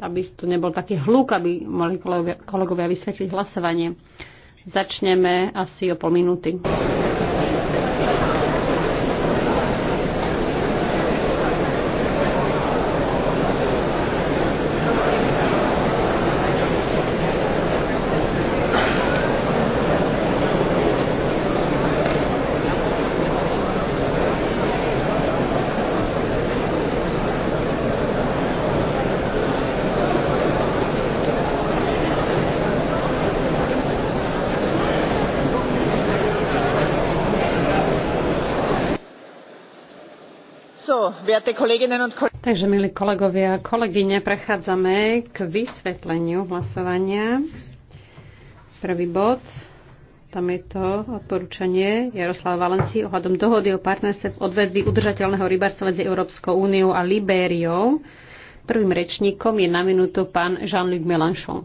aby tu nebol taký hluk, aby mohli kolegovia, kolegovia vysvetliť hlasovanie. Začneme asi o pol minúty. Takže, milí kolegovia a kolegyne, prechádzame k vysvetleniu hlasovania. Prvý bod, tam je to odporúčanie Jaroslava Valenci ohľadom dohody o partnerstve v odvedvi udržateľného rybárstva medzi Európskou úniou a Libériou. Prvým rečníkom je na minútu pán Jean-Luc Mélenchon.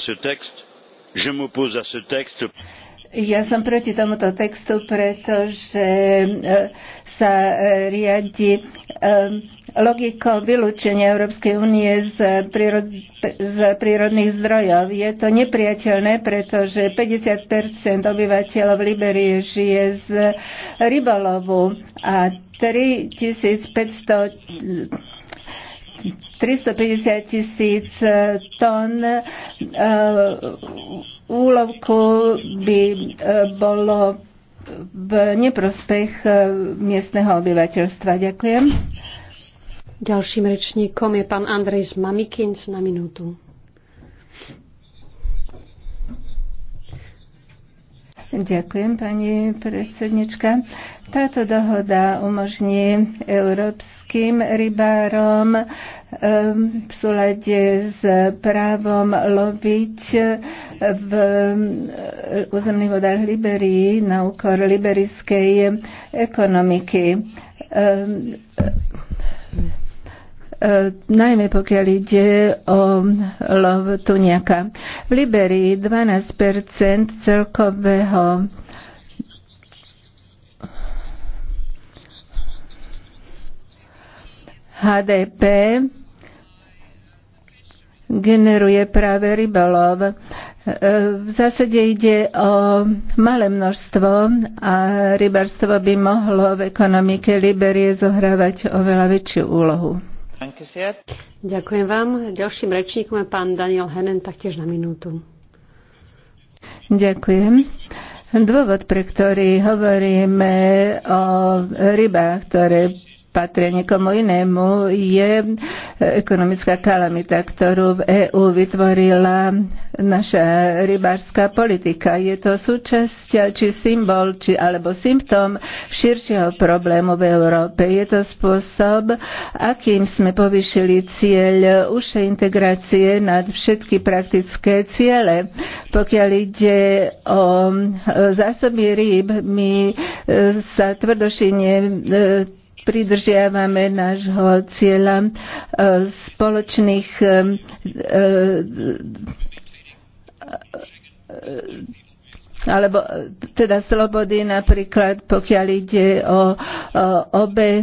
Ce texte je m'oppose à ce texte. Ja som proti tomuto textu, pretože e, sa e, riadi e, logikou vylúčenia Európskej únie z, prírod, z prírodných zdrojov. Je to nepriateľné, pretože 50 obyvateľov Liberie žije z rybolovu a 3500 350 tisíc tón eh, úlovku by eh, bolo v neprospech eh, miestneho obyvateľstva. Ďakujem. Ďalším rečníkom je pán Andrej Mamikins na minútu. Ďakujem, pani predsednička. Táto dohoda umožní európskym rybárom eh, v súlade s právom loviť v územných vodách Liberii na úkor liberijskej ekonomiky eh, E, najmä pokiaľ ide o lov tuniaka. V Liberii 12 celkového HDP generuje práve rybolov. E, v zásade ide o malé množstvo a rybarstvo by mohlo v ekonomike Liberie zohrávať oveľa väčšiu úlohu. Ďakujem vám. Ďalším rečníkom je pán Daniel Henen, taktiež na minútu. Ďakujem. Dôvod, pre ktorý hovoríme o rybách, ktoré patria niekomu inému, je e, ekonomická kalamita, ktorú v EÚ vytvorila naša rybárska politika. Je to súčasť, či symbol, či, alebo symptom širšieho problému v Európe. Je to spôsob, akým sme povyšili cieľ užšej integrácie nad všetky praktické ciele. Pokiaľ ide o e, zásoby rýb, my e, sa tvrdošine pridržiavame nášho cieľa e, spoločných e, e, alebo teda slobody napríklad, pokiaľ ide o, o obeh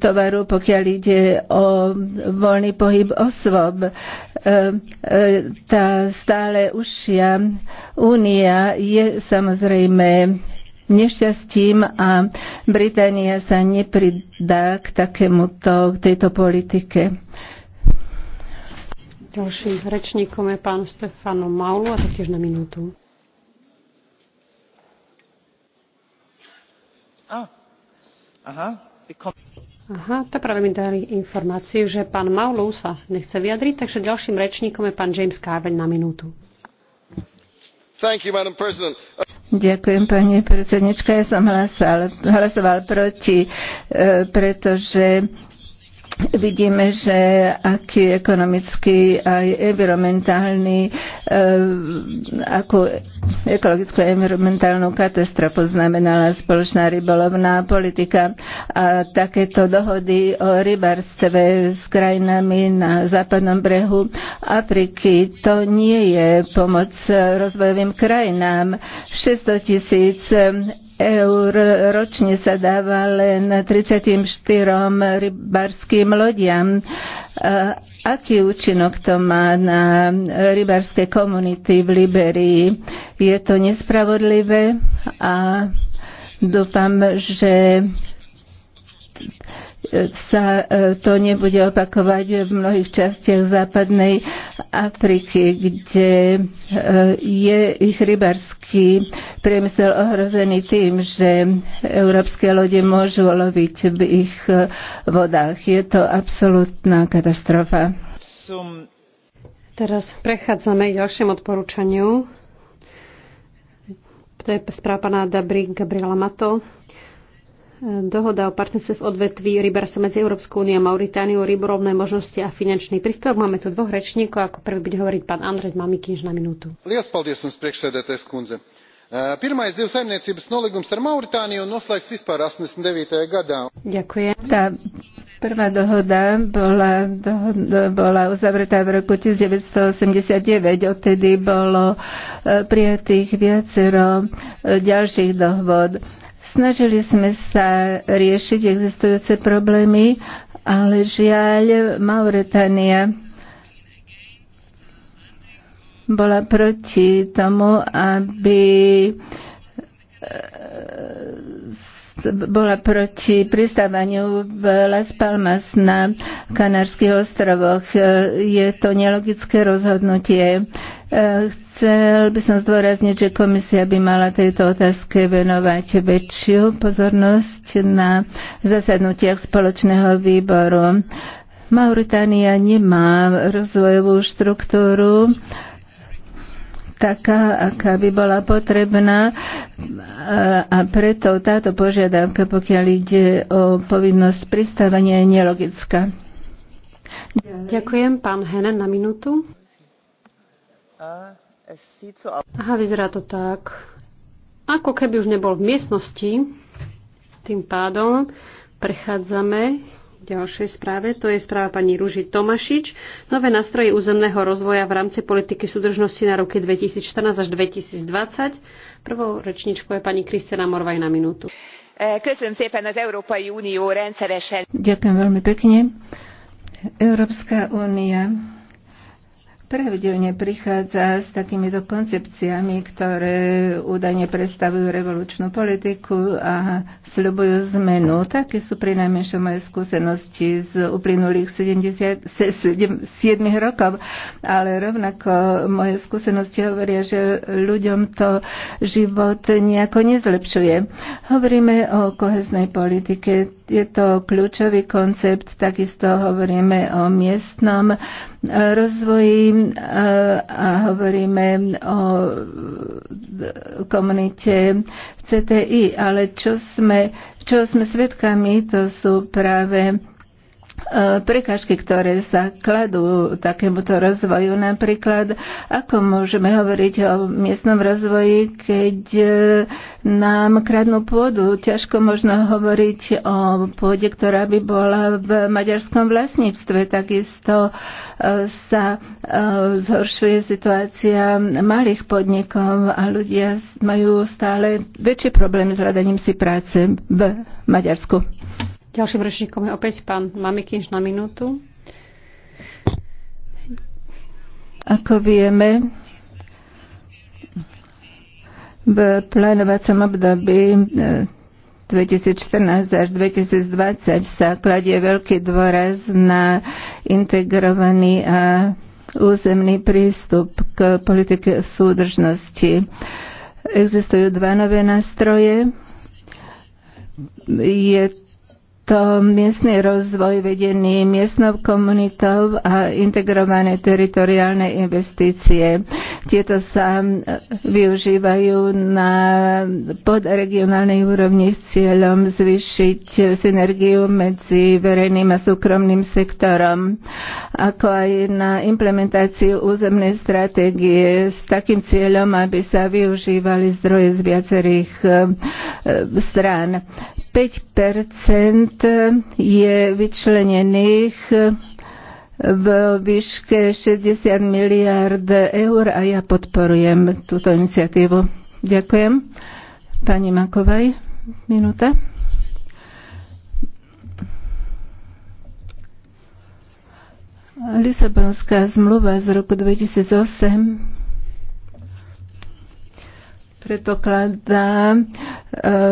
tovaru, pokiaľ ide o voľný pohyb osôb. E, e, tá stále užšia únia je samozrejme nešťastím a Británia sa nepridá k takémuto, k tejto politike. Ďalším rečníkom je pán Stefano Maulu a taktiež na minútu. Ah, aha, Aha, to práve mi dali informáciu, že pán Maulu sa nechce vyjadriť, takže ďalším rečníkom je pán James Carver na minútu. Thank You, Madam President. Uh... Ďakujem, pani predsednička. Ja som hlasoval, hlasoval proti, e, pretože vidíme, že aký ekonomický aj environmentálny, eh, ako ekologickú environmentálnu katastrofu znamenala spoločná rybolovná politika a takéto dohody o rybarstve s krajinami na západnom brehu Afriky, to nie je pomoc rozvojovým krajinám. 600 tisíc eur ročne sa dáva len 34 rybarským lodiam. Aký účinok to má na rybarské komunity v Liberii? Je to nespravodlivé a dúfam, že sa e, to nebude opakovať v mnohých častiach západnej Afriky, kde e, je ich rybarský priemysel ohrozený tým, že európske lode môžu loviť v ich e, vodách. Je to absolútna katastrofa. Teraz prechádzame k ďalším odporúčaniu. To je správa pána Dabri Gabriela Mato Dohoda o partnerstve v odvetví rybarstva medzi Európskou úniou a Mauritániou, rybolovné možnosti a finančný príspevok. Máme tu dvoch rečníkov, ako prvý bude hovoriť pán Andrej Mamikýž na minútu. Pirmais nolīgums ar Mauritāniju noslēgts vispār 89. gadā. Ďakujem. Tá prvá dohoda bola, dohoda bola uzavretá v roku 1989. Odtedy bolo prijatých viacero ďalších dohod Snažili sme sa riešiť existujúce problémy, ale žiaľ Mauretania bola proti tomu, aby e, bola proti pristávaniu v Las Palmas na Kanárskych ostrovoch. E, je to nelogické rozhodnutie. E, Chcel by som zdôrazniť, že komisia by mala tejto otázke venovať väčšiu pozornosť na zasadnutiach spoločného výboru. Mauritánia nemá rozvojovú štruktúru taká, aká by bola potrebná a preto táto požiadavka, pokiaľ ide o povinnosť pristávania, je nelogická. Ďakujem. Pán Henen na minútu. Aha, vyzerá to tak. Ako keby už nebol v miestnosti, tým pádom prechádzame k ďalšej správe. To je správa pani Ruži Tomašič. Nové nástroje územného rozvoja v rámci politiky súdržnosti na roky 2014 až 2020. Prvou rečničkou je pani Kristina Morvaj na minútu. Ďakujem veľmi pekne. Európska únia pravidelne prichádza s takýmito koncepciami, ktoré údajne predstavujú revolučnú politiku a sľubujú zmenu. Také sú pri najmenšie moje skúsenosti z uplynulých 77 rokov, ale rovnako moje skúsenosti hovoria, že ľuďom to život nejako nezlepšuje. Hovoríme o koheznej politike, je to kľúčový koncept, takisto hovoríme o miestnom e, rozvoji a hovoríme o komunite CTI, ale čo sme, čo sme svedkami, to sú práve E, prekažky, ktoré sa kladú takémuto rozvoju. Napríklad, ako môžeme hovoriť o miestnom rozvoji, keď e, nám kradnú pôdu. Ťažko možno hovoriť o pôde, ktorá by bola v maďarskom vlastníctve. Takisto e, sa zhoršuje situácia malých podnikov a ľudia majú stále väčšie problémy s hľadaním si práce v Maďarsku. Ďalším rečníkom je opäť pán Mamikinš na minútu. Ako vieme, v plánovacom období 2014 až 2020 sa kladie veľký dôraz na integrovaný a územný prístup k politike súdržnosti. Existujú dva nové nástroje. Je to miestny rozvoj vedený miestnou komunitou a integrované teritoriálne investície. Tieto sa využívajú na podregionálnej úrovni s cieľom zvýšiť synergiu medzi verejným a súkromným sektorom, ako aj na implementáciu územnej stratégie s takým cieľom, aby sa využívali zdroje z viacerých e, strán. 5 je vyčlenených v výške 60 miliard eur a ja podporujem túto iniciatívu. Ďakujem. Pani Makovaj, minúta. Lisabonská zmluva z roku 2008 predpokladá e,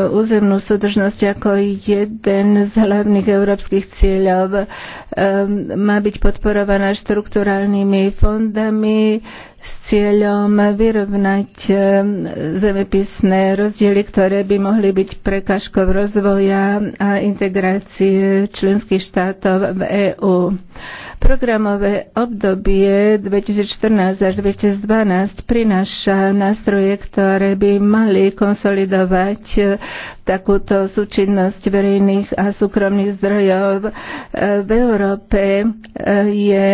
územnú súdržnosť ako jeden z hlavných európskych cieľov. E, má byť podporovaná štrukturálnymi fondami s cieľom vyrovnať e, zemepisné rozdiely, ktoré by mohli byť prekažkou rozvoja a integrácie členských štátov v EÚ. Programové obdobie 2014 až 2012 prináša nástroje, ktoré by mali konsolidovať eh, takúto súčinnosť verejných a súkromných zdrojov. Eh, v Európe eh, je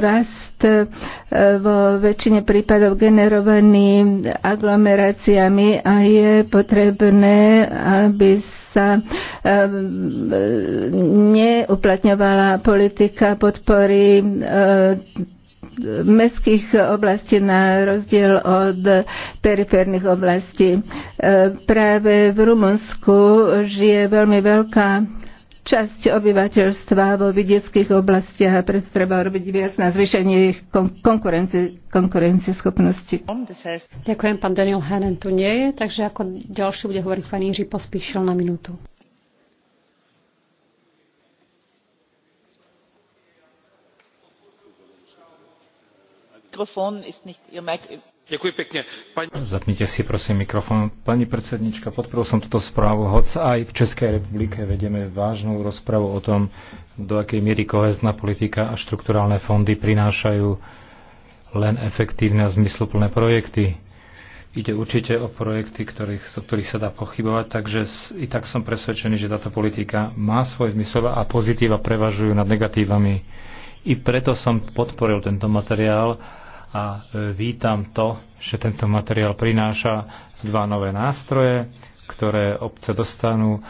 rast vo väčšine prípadov generovaný aglomeráciami a je potrebné, aby sa e, neuplatňovala politika podpory e, mestských oblastí na rozdiel od periférnych oblastí. E, práve v Rumunsku žije veľmi veľká časť obyvateľstva vo vidieckých oblastiach a preto treba robiť viac na zvýšenie ich konkurencieschopnosti. Ďakujem, pán Daniel Hanen tu nie je, takže ako ďalší bude hovoriť pán Jiří Pospíšil na minútu. Mikrofón je nicht, Zapnite si prosím mikrofón. Pani predsednička, podporil som túto správu, hoc aj v Českej republike vedieme vážnu rozpravu o tom, do akej miery kohezná politika a štrukturálne fondy prinášajú len efektívne a zmysluplné projekty. Ide určite o projekty, ktorých, o ktorých sa dá pochybovať, takže i tak som presvedčený, že táto politika má svoj zmysel a pozitíva prevažujú nad negatívami. I preto som podporil tento materiál, a e, vítam to, že tento materiál prináša dva nové nástroje, ktoré obce dostanú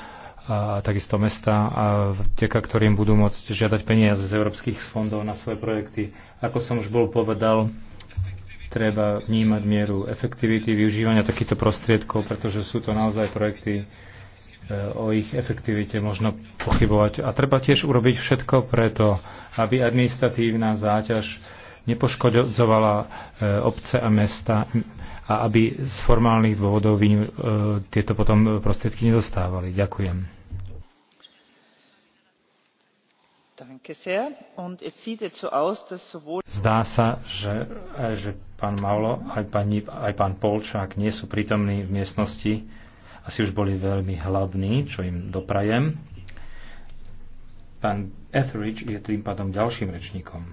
a takisto mesta, a vďaka ktorým budú môcť žiadať peniaze z európskych fondov na svoje projekty. Ako som už bol povedal, treba vnímať mieru efektivity využívania takýchto prostriedkov, pretože sú to naozaj projekty, e, o ich efektivite možno pochybovať. A treba tiež urobiť všetko preto, aby administratívna záťaž nepoškodzovala e, obce a mesta a aby z formálnych dôvodov e, tieto potom prostriedky nedostávali. Ďakujem. Zdá sa, že, e, že pán Maulo aj, pani, aj pán Polčák nie sú prítomní v miestnosti. Asi už boli veľmi hladní, čo im doprajem. Pán Etheridge je tým pádom ďalším rečníkom.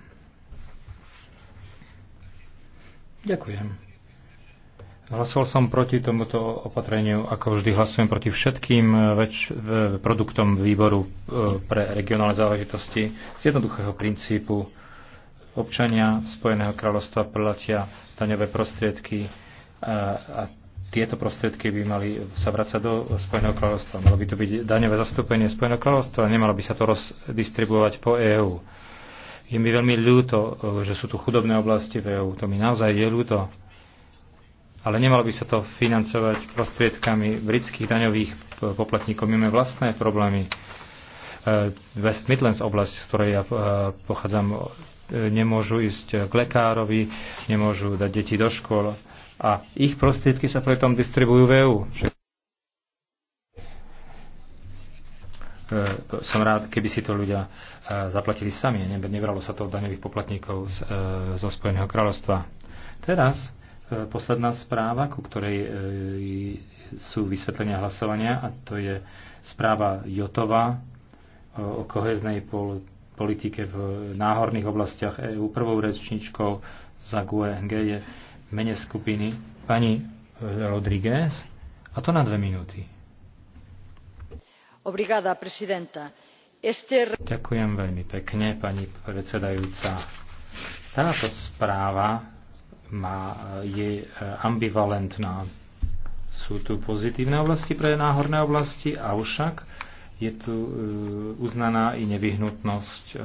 Ďakujem. Hlasoval som proti tomuto opatreniu, ako vždy hlasujem proti všetkým e, väč- e, produktom výboru e, pre regionálne záležitosti z jednoduchého princípu. Občania Spojeného kráľovstva platia daňové prostriedky a, a tieto prostriedky by mali sa vrácať do Spojeného kráľovstva. Malo by to byť daňové zastúpenie Spojeného kráľovstva, nemalo by sa to rozdistribuovať po EÚ. Je mi veľmi ľúto, eh, že sú tu chudobné oblasti v EÚ. To mi naozaj je ľúto. Ale nemalo by sa to financovať prostriedkami britských daňových poplatníkov. My máme vlastné problémy. Eh, West Midlands oblasť, z ktorej ja eh, pochádzam, nemôžu ísť k lekárovi, nemôžu dať deti do škôl a ich prostriedky sa pritom distribujú v EU. E, som rád, keby si to ľudia e, zaplatili sami. Nebralo sa to od daňových poplatníkov z, e, zo Spojeného kráľovstva. Teraz posledná správa, ku ktorej sú vysvetlenia hlasovania a to je správa Jotova o koheznej politike v náhorných oblastiach EÚ. Prvou rečničkou za GUNG je mene skupiny pani Rodriguez a to na dve minúty. Ďakujem veľmi pekne, pani predsedajúca. Táto správa má, je e, ambivalentná. Sú tu pozitívne oblasti pre náhorné oblasti, avšak je tu e, uznaná i nevyhnutnosť e,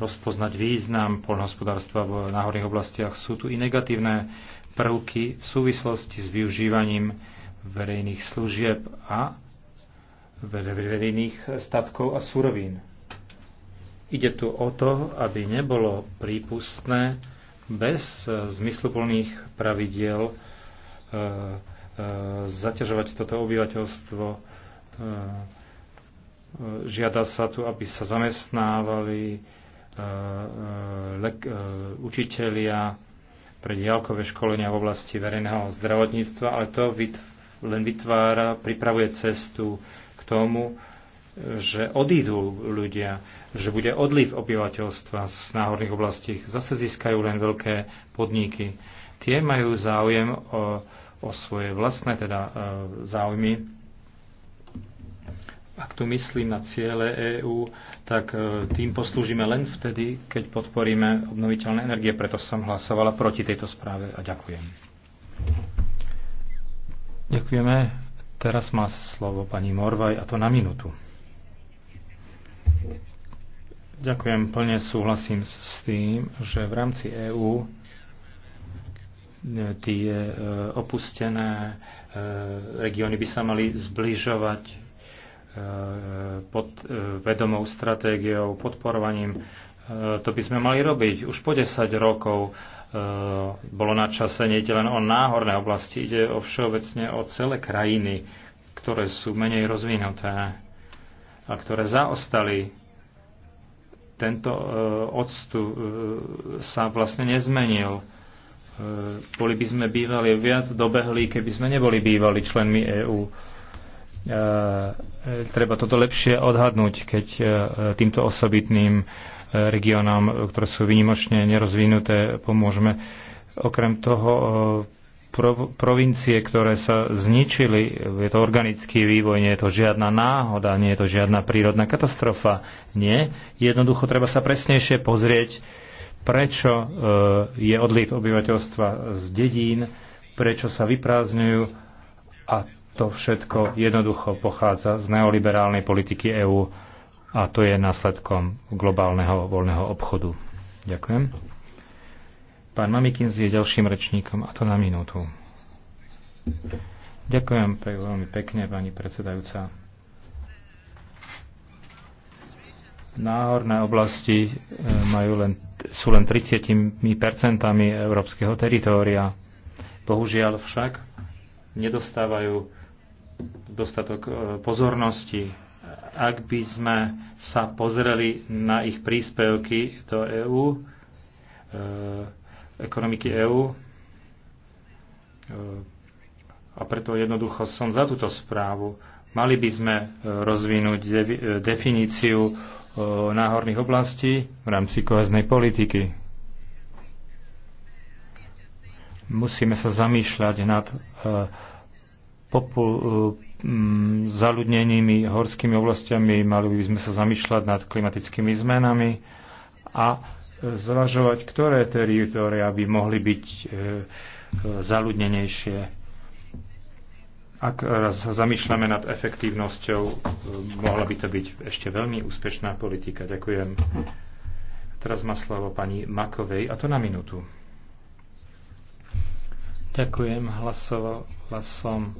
rozpoznať význam poľnohospodárstva v náhorných oblastiach. Sú tu i negatívne prvky v súvislosti s využívaním verejných služieb a verejných statkov a surovín. Ide tu o to, aby nebolo prípustné bez zmysluplných pravidiel e, e, zaťažovať toto obyvateľstvo. E, žiada sa tu, aby sa zamestnávali učitelia pre diálkové školenia v oblasti verejného zdravotníctva, ale to len vytvára, pripravuje cestu tomu, že odídu ľudia, že bude odliv obyvateľstva z náhorných oblastí. Zase získajú len veľké podniky. Tie majú záujem o, o svoje vlastné teda, e, záujmy. Ak tu myslím na ciele EÚ, tak e, tým poslúžime len vtedy, keď podporíme obnoviteľné energie. Preto som hlasovala proti tejto správe a ďakujem. Ďakujeme. Teraz má slovo pani Morvaj a to na minútu. Ďakujem, plne súhlasím s tým, že v rámci EÚ e, tie e, opustené e, regióny by sa mali zbližovať pod vedomou stratégiou, podporovaním. To by sme mali robiť už po 10 rokov Eh, bolo na čase je len o náhorné oblasti, ide o všeobecne o celé krajiny, ktoré sú menej rozvinuté a ktoré zaostali. Tento eh, odstup eh, sa vlastne nezmenil. Boli by sme bývali viac dobehli, keby sme neboli bývali členmi EÚ. Treba toto lepšie odhadnúť, keď týmto osobitným regionám, ktoré sú výnimočne nerozvinuté, pomôžeme. Okrem toho e, provincie, ktoré sa zničili, je to organický vývoj, nie je to žiadna náhoda, nie je to žiadna prírodná katastrofa. Nie. Jednoducho treba sa presnejšie pozrieť, prečo e, je odliv obyvateľstva z dedín, prečo sa vyprázdňujú a to všetko jednoducho pochádza z neoliberálnej politiky EÚ a to je následkom globálneho voľného obchodu. Ďakujem. Pán Mamikins je ďalším rečníkom a to na minútu. Ďakujem veľmi pekne, pani predsedajúca. Náhorné oblasti e, majú len, sú len 30 percentami európskeho teritória. Bohužiaľ však nedostávajú dostatok e, pozornosti ak by sme sa pozreli na ich príspevky do EÚ, e, eh, ekonomiky EÚ, e, eh, a preto jednoducho som za túto správu. Mali by sme eh, rozvinúť de, definíciu e, náhorných oblastí v rámci koheznej politiky. Musíme sa zamýšľať nad e, popu- um, horskými oblastiami, mali by sme sa zamýšľať nad klimatickými zmenami a zvažovať, ktoré teritória by mohli byť e, zaludnenejšie. Ak sa zamýšľame nad efektívnosťou, eh, mohla by to byť ešte veľmi úspešná politika. Ďakujem. Teraz má slovo pani Makovej a to na minútu. Hlasoval som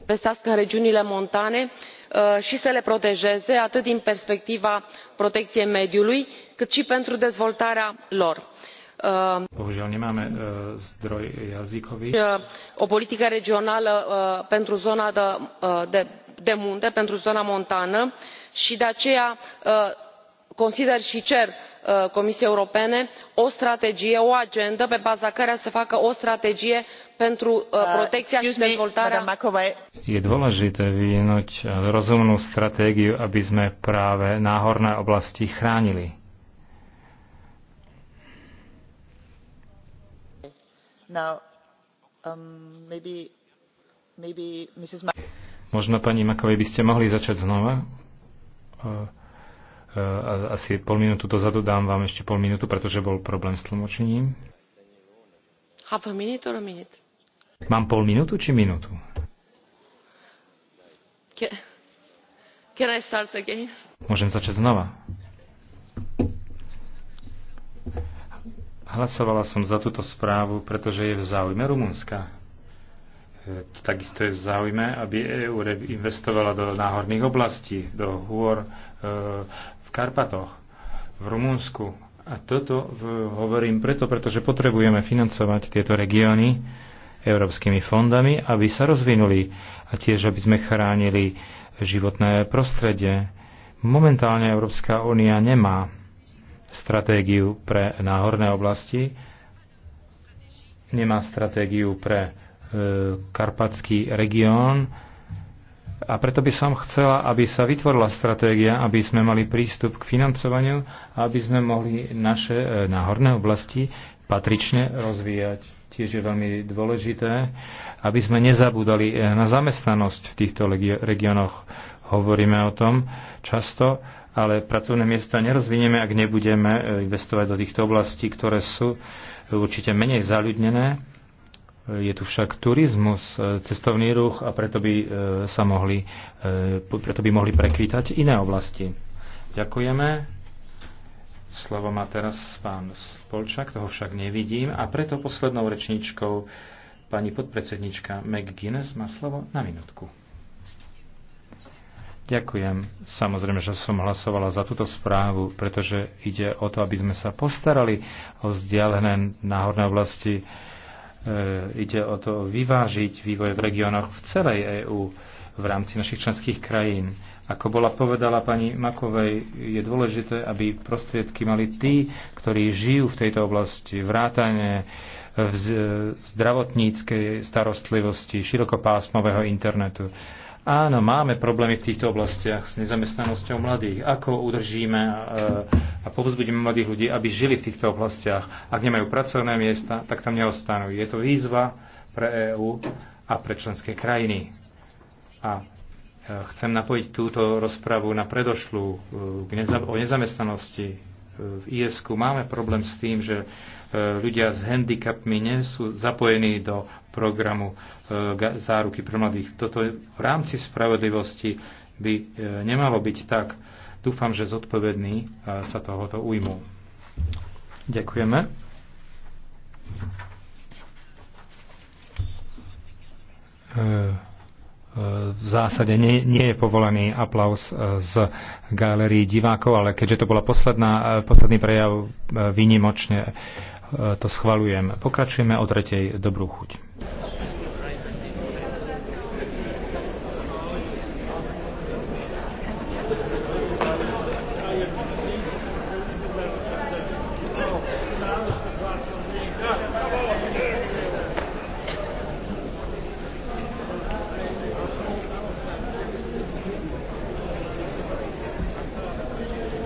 investească în regiunile montane uh, și să le protejeze atât din perspectiva protecției mediului cât și pentru dezvoltarea lor. Uh, uh, o politică regională pentru zona de, de munte, pentru zona montană și de aceea consider și cer uh, comisiei europene o strategie o agendă pe baza căreia să facă o strategie pentru uh, uh, protecția și dezvoltarea Je dôležité vyvinúť rozumnú stratégiu, aby sme práve náhorné oblasti chránili. Now, um, maybe, maybe Možno pani Makovej by ste mohli začať znova. Uh, asi pol minútu dozadu dám vám ešte pol minútu, pretože bol problém s tlmočením. Half a minute or a minute? Mám pol minútu či minútu? Can I start again? Môžem začať znova. Hlasovala som za túto správu, pretože je v záujme Rumunska. E, takisto je v záujme, aby EU investovala do náhorných oblastí, do hôr, e, v Karpatoch, v Rumunsku. A toto v, hovorím preto, pretože potrebujeme financovať tieto regióny európskymi fondami, aby sa rozvinuli a tiež, aby sme chránili životné prostredie. Momentálne Európska únia nemá stratégiu pre náhorné oblasti, nemá stratégiu pre e, karpatský región, a preto by som chcela, aby sa vytvorila stratégia, aby sme mali prístup k financovaniu a aby sme mohli naše e, náhorné oblasti patrične rozvíjať. Tiež je veľmi dôležité, aby sme nezabúdali e, na zamestnanosť v týchto regiónoch. Hovoríme o tom často, ale pracovné miesta nerozvinieme, ak nebudeme e, investovať do týchto oblastí, ktoré sú určite menej zaľudnené je tu však turizmus, e, cestovný ruch a preto by, e, sa mohli, e, preto by mohli prekvítať iné oblasti. Ďakujeme. Slovo má teraz pán Spolčak, toho však nevidím. A preto poslednou rečničkou pani podpredsednička McGuinness má slovo na minútku. Ďakujem. Samozrejme, že som hlasovala za túto správu, pretože ide o to, aby sme sa postarali o vzdialené náhorné oblasti E, ide o to vyvážiť vývoj v regiónoch v celej EÚ v rámci našich členských krajín. Ako bola povedala pani Makovej, je dôležité, aby prostriedky mali tí, ktorí žijú v tejto oblasti, vrátane e, v e, zdravotníckej starostlivosti, širokopásmového internetu. Áno, máme problémy v týchto oblastiach s nezamestnanosťou mladých. Ako udržíme e, a povzbudíme mladých ľudí, aby žili v týchto oblastiach? Ak nemajú pracovné miesta, tak tam neostanú. Je to výzva pre EÚ a pre členské krajiny. A e, chcem napojiť túto rozpravu na predošlú e, o nezamestnanosti v ISK máme problém s tým, že e, ľudia s handicapmi nie sú zapojení do programu e, záruky pre mladých. Toto v rámci spravodlivosti by e, nemalo byť tak. Dúfam, že zodpovední sa tohoto ujmú. Ďakujeme. Uh v zásade nie, nie je povolený aplaus e, z galerii divákov, ale keďže to bola posledná, e, posledný prejav, e, výnimočne to schvalujem. Pokračujeme o tretej dobrú chuť.